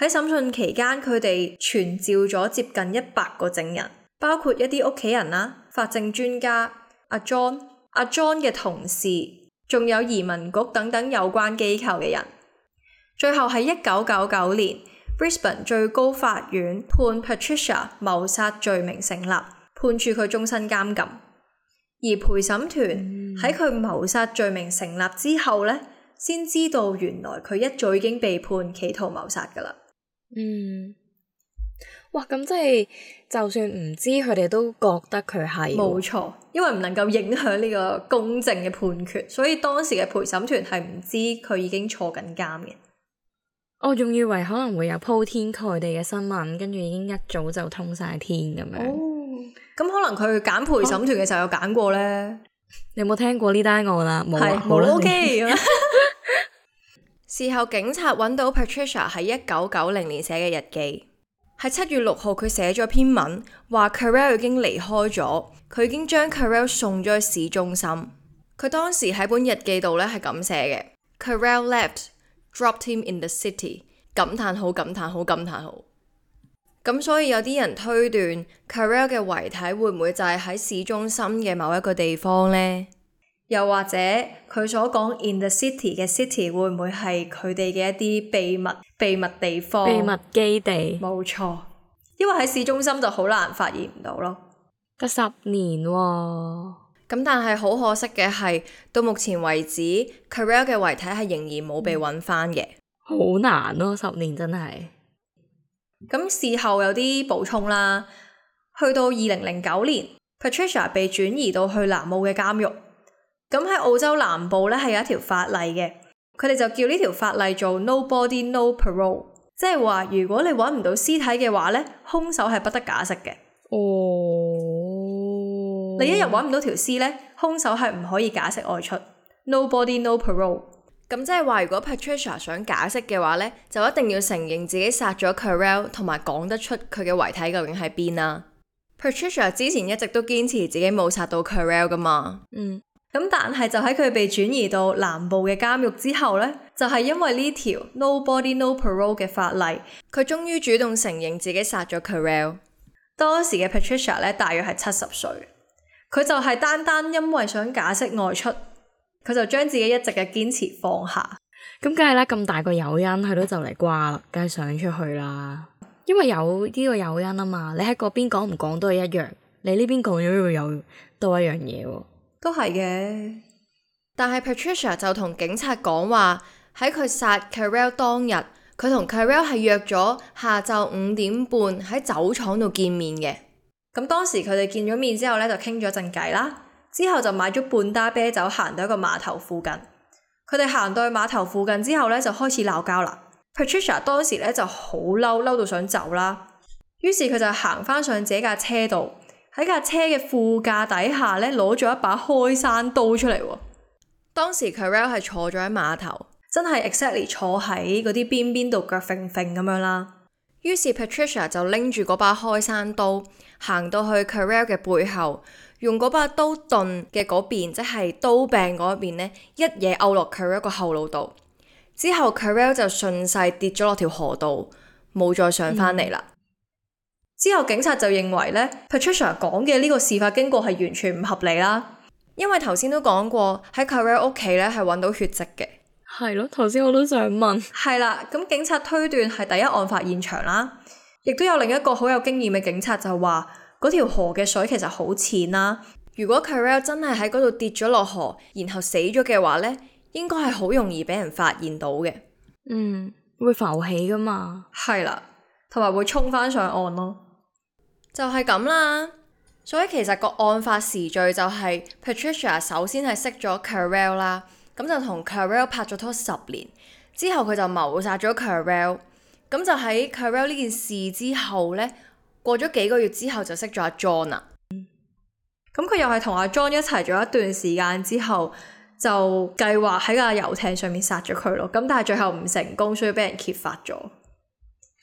喺審訊期間，佢哋傳召咗接近一百個證人，包括一啲屋企人啦、法證專家阿 John、阿 John 嘅同事，仲有移民局等等有關機構嘅人。最後喺一九九九年，Brisbane 最高法院判 Patricia 謀殺罪名成立，判處佢終身監禁。而陪審團喺佢謀殺罪名成立之後咧，先知道原來佢一早已經被判企圖謀殺噶啦。嗯，哇，咁即係就算唔知，佢哋都覺得佢係冇錯，因為唔能夠影響呢個公正嘅判決，所以當時嘅陪審團係唔知佢已經坐緊監嘅。我仲、哦、以為可能會有鋪天蓋地嘅新聞，跟住已經一早就通晒天咁樣。哦，咁、嗯、可能佢揀陪審團嘅時候有揀過呢？哦、你有冇聽過呢單案啦？冇沒，冇啦是。事後警察揾到 Patricia 喺一九九零年寫嘅日記，喺七月六號佢寫咗篇文，話 Carel 已經離開咗，佢已經將 Carel 送咗去市中心。佢當時喺本日記度咧係咁寫嘅：Carel left。Dropped him in the city，感嘆好，感嘆好，感嘆好。咁所以有啲人推斷 Carrel 嘅遺體會唔會就係喺市中心嘅某一個地方呢？ 又或者佢所講 in the city 嘅 city 會唔會係佢哋嘅一啲秘密，秘密地方，秘密基地？冇錯，因為喺市中心就好難發現唔到咯。十年喎，哦。咁但係好可惜嘅係，到目前為止，Carel 嘅遺體係仍然冇被揾翻嘅。好難咯、啊，十年真係。咁、嗯、事後有啲補充啦，去到二零零九年，Patricia 被轉移到去南澳嘅監獄。咁喺澳洲南部咧係有一條法例嘅，佢哋就叫呢條法例做 Nobody No Parole，即係話如果你揾唔到屍體嘅話咧，凶手係不得假釋嘅。哦。Oh. 嗯、你一日揾唔到條屍呢？凶手係唔可以假釋外出。Nobody no parole。咁即係話，如果 Patricia 想假釋嘅話呢，就一定要承認自己殺咗 Carel，同埋講得出佢嘅遺體究竟喺邊啊。Patricia 之前一直都堅持自己冇殺到 Carel 噶嘛。嗯。咁但係就喺佢被轉移到南部嘅監獄之後呢，就係、是、因為呢條 Nobody no parole 嘅法例，佢終於主動承認自己殺咗 Carel。當時嘅 Patricia 咧大約係七十歲。佢就係單單因為想假釋外出，佢就將自己一直嘅堅持放下。咁梗係啦，咁大個誘因，佢都就嚟，掛啦，梗係想出去啦。因為有呢、這個誘因啊嘛，你喺嗰邊講唔講都係一樣，你呢邊講咗，會有多一樣嘢喎。都係嘅。但係 Patricia 就同警察講話，喺佢殺 Carel 當日，佢同 Carel 係約咗下晝五點半喺酒廠度見面嘅。咁當時佢哋見咗面之後咧，就傾咗一陣偈啦。之後就買咗半打啤酒，行到一個碼頭附近。佢哋行到去碼頭附近之後咧，就開始鬧交啦。Patricia 當時咧就好嬲，嬲到想走啦。於是佢就行翻上自己架車度，喺架車嘅副駕底下咧，攞咗一把開山刀出嚟。當時 Carel 係坐咗喺碼頭，真係 exactly 坐喺嗰啲邊邊度，腳揈揈咁樣啦。於是 Patricia 就拎住嗰把開山刀，行到去 Carel 嘅背後，用嗰把刀鈍嘅嗰邊，即係刀柄嗰邊咧，一嘢勾落 Carel 一個後腦度。之後 Carel 就順勢跌咗落條河度，冇再上翻嚟啦。嗯、之後警察就認為呢 Patricia 講嘅呢個事發經過係完全唔合理啦，因為頭先都講過喺 Carel 屋企呢係揾到血跡嘅。係咯，頭先我都想問。係啦，咁警察推斷係第一案發現場啦。亦都有另一個好有經驗嘅警察就話，嗰條河嘅水其實好淺啦。如果 Carel 真係喺嗰度跌咗落河，然後死咗嘅話呢，應該係好容易俾人發現到嘅。嗯，會浮起噶嘛？係啦，同埋會沖翻上岸咯。就係咁啦。所以其實個案發時序就係 Patricia 首先係識咗 Carel 啦。咁就同 Carel 拍咗拖十年，之後佢就謀殺咗 Carel。咁就喺 Carel 呢件事之後呢，過咗幾個月之後就識咗阿 John 啦。咁佢、嗯、又係同阿 John 一齊咗一段時間之後，就計劃喺個遊艇上面殺咗佢咯。咁但係最後唔成功，所以俾人揭發咗，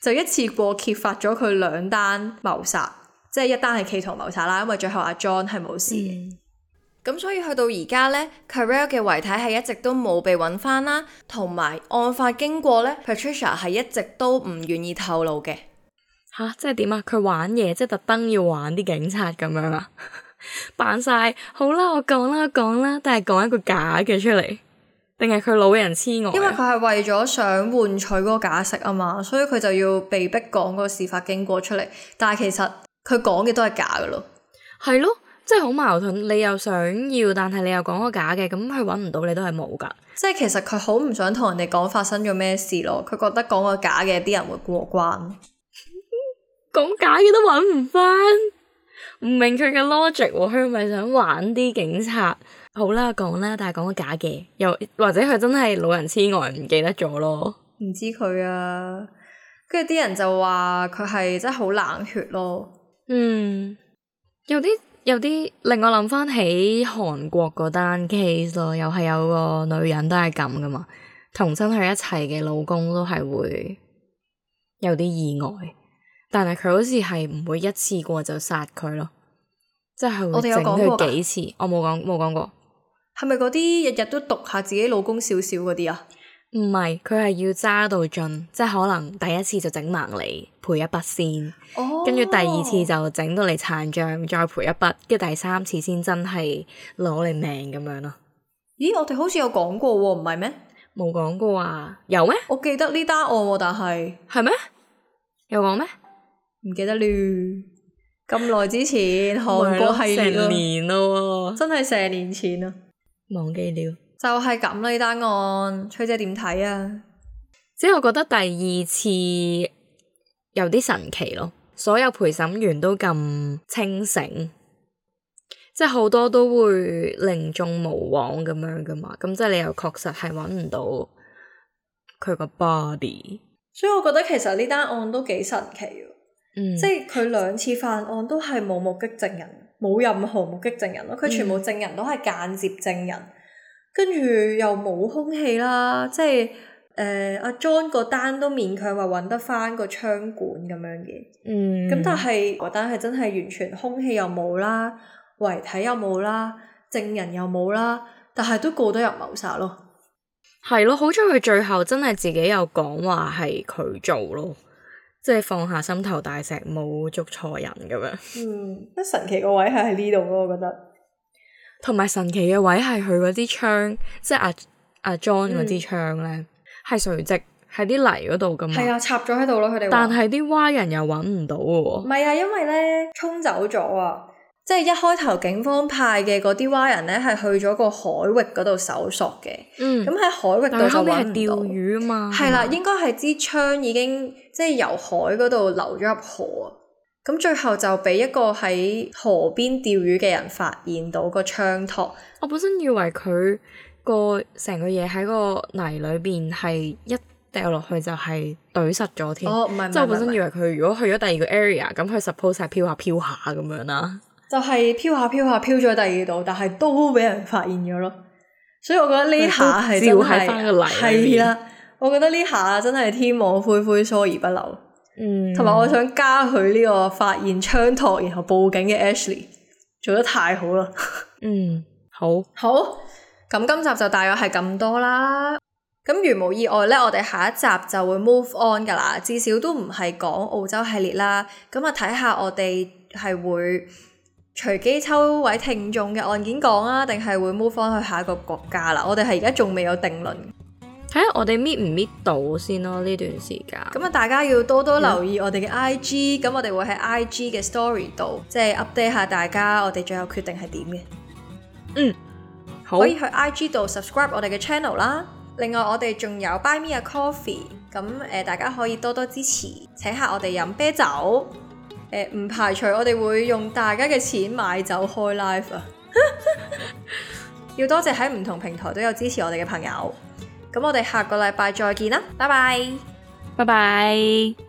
就一次過揭發咗佢兩單謀殺，即、就、係、是、一單係企圖謀殺啦。因為最後阿 John 係冇事。嗯咁所以去到而家呢，Karell 嘅遺體係一直都冇被揾翻，啦，同埋案發經過呢 Patricia 係一直都唔願意透露嘅。吓、啊，即係點啊？佢玩嘢，即係特登要玩啲警察咁樣啊？扮 晒，好啦，我講啦，講啦，但係講一個假嘅出嚟，定係佢老人痴呆？因為佢係為咗想換取嗰個假釋啊嘛，所以佢就要被逼講個事發經過出嚟，但係其實佢講嘅都係假噶咯，係咯。即係好矛盾，你又想要，但係你又講個假嘅，咁佢揾唔到你都係冇噶。即係其實佢好唔想同人哋講發生咗咩事咯，佢覺得講個假嘅，啲人會過關，講 假嘅都揾唔翻唔明佢嘅 logic，佢咪想玩啲警察。好啦，講啦，但係講個假嘅，又或者佢真係老人痴呆唔記得咗咯，唔知佢啊。跟住啲人就話佢係真係好冷血咯，嗯，有啲。有啲令我諗翻起韓國嗰單 case 咯，又係有個女人都係咁噶嘛，同身佢一齊嘅老公都係會有啲意外，但係佢好似係唔會一次過就殺佢咯，即係會整佢幾次。我哋有講過。我冇講冇講過，係咪嗰啲日日都毒下自己老公少少嗰啲啊？唔係，佢係要揸到盡，即係可能第一次就整盲你賠一筆先，跟住、哦、第二次就整到你殘障，再賠一筆，跟住第三次先真係攞你命咁樣咯。咦？我哋好似有講過喎，唔係咩？冇講過啊？有咩？我記得呢單案喎，但係係咩？有講咩？唔記得了。咁耐之前，韓國係成年啦，真係成年前啊，忘記了。就係咁啦，呢單案，崔姐點睇啊？即係我覺得第二次有啲神奇咯，所有陪審員都咁清醒，即係好多都會寧縱毋枉咁樣噶嘛。咁即係你又確實係揾唔到佢個 body，所以我覺得其實呢單案都幾神奇。嗯，即係佢兩次犯案都係冇目擊證人，冇任何目擊證人咯，佢全部證人都係間接證人。嗯跟住又冇空氣啦，即係誒阿 John 個單都勉強話揾得翻個槍管咁樣嘅，咁、嗯、但係個單係真係完全空氣又冇啦，遺體又冇啦，證人又冇啦，但係都過得入謀殺咯，係咯，好彩佢最後真係自己有講話係佢做咯，即係放下心頭大石，冇捉錯人咁樣。嗯，真神奇個位係喺呢度咯，我覺得。同埋神奇嘅位係佢嗰啲槍，即係阿阿 John 嗰啲槍咧，係、嗯、垂直喺啲泥嗰度噶嘛。係啊，插咗喺度咯，佢哋話。但係啲蛙人又揾唔到喎、啊。唔係啊，因為咧沖走咗啊，即係一開頭警方派嘅嗰啲蛙人咧，係去咗個海域嗰度搜索嘅。嗯。咁喺海域度就揾唔到。但係後尾釣魚啊嘛。係啦、啊，啊、應該係支槍已經即係由海嗰度流咗入河啊。咁最後就畀一個喺河邊釣魚嘅人發現到個槍托。我本身以為佢個成個嘢喺個泥裏邊，係一掉落去就係懟實咗添。哦，唔係，即係我本身以為佢如果去咗第二個 area，咁佢 suppose 係飄下飄下咁樣啦、啊。就係飄下飄下飄咗第二度，但係都畀人發現咗咯。所以我覺得呢下係真係係啦。我覺得呢下真係天網恢恢疏而不漏。嗯，同埋我想加佢呢個發現槍托，然後報警嘅 Ashley，做得太好啦。 嗯，好，好，咁今集就大約係咁多啦。咁如無意外咧，我哋下一集就會 move on 噶啦，至少都唔係講澳洲系列啦。咁啊，睇下我哋係會隨機抽位聽眾嘅案件講啊，定係會 move on 去下一個國家啦。我哋係而家仲未有定論。睇下我哋搣唔搣到先咯，呢段時間。咁啊，大家要多多留意我哋嘅 I G，咁我哋會喺 I G 嘅 Story 度即係、就是、update 下大家，我哋最後決定係點嘅。嗯，好，可以去 I G 度 subscribe 我哋嘅 channel 啦。另外我哋仲有 buy me a coffee，咁誒大家可以多多支持，請下我哋飲啤酒。唔排除我哋會用大家嘅錢買酒開 live 啊。 要多謝喺唔同平台都有支持我哋嘅朋友。咁我哋下個禮拜再見啦，拜拜，拜拜。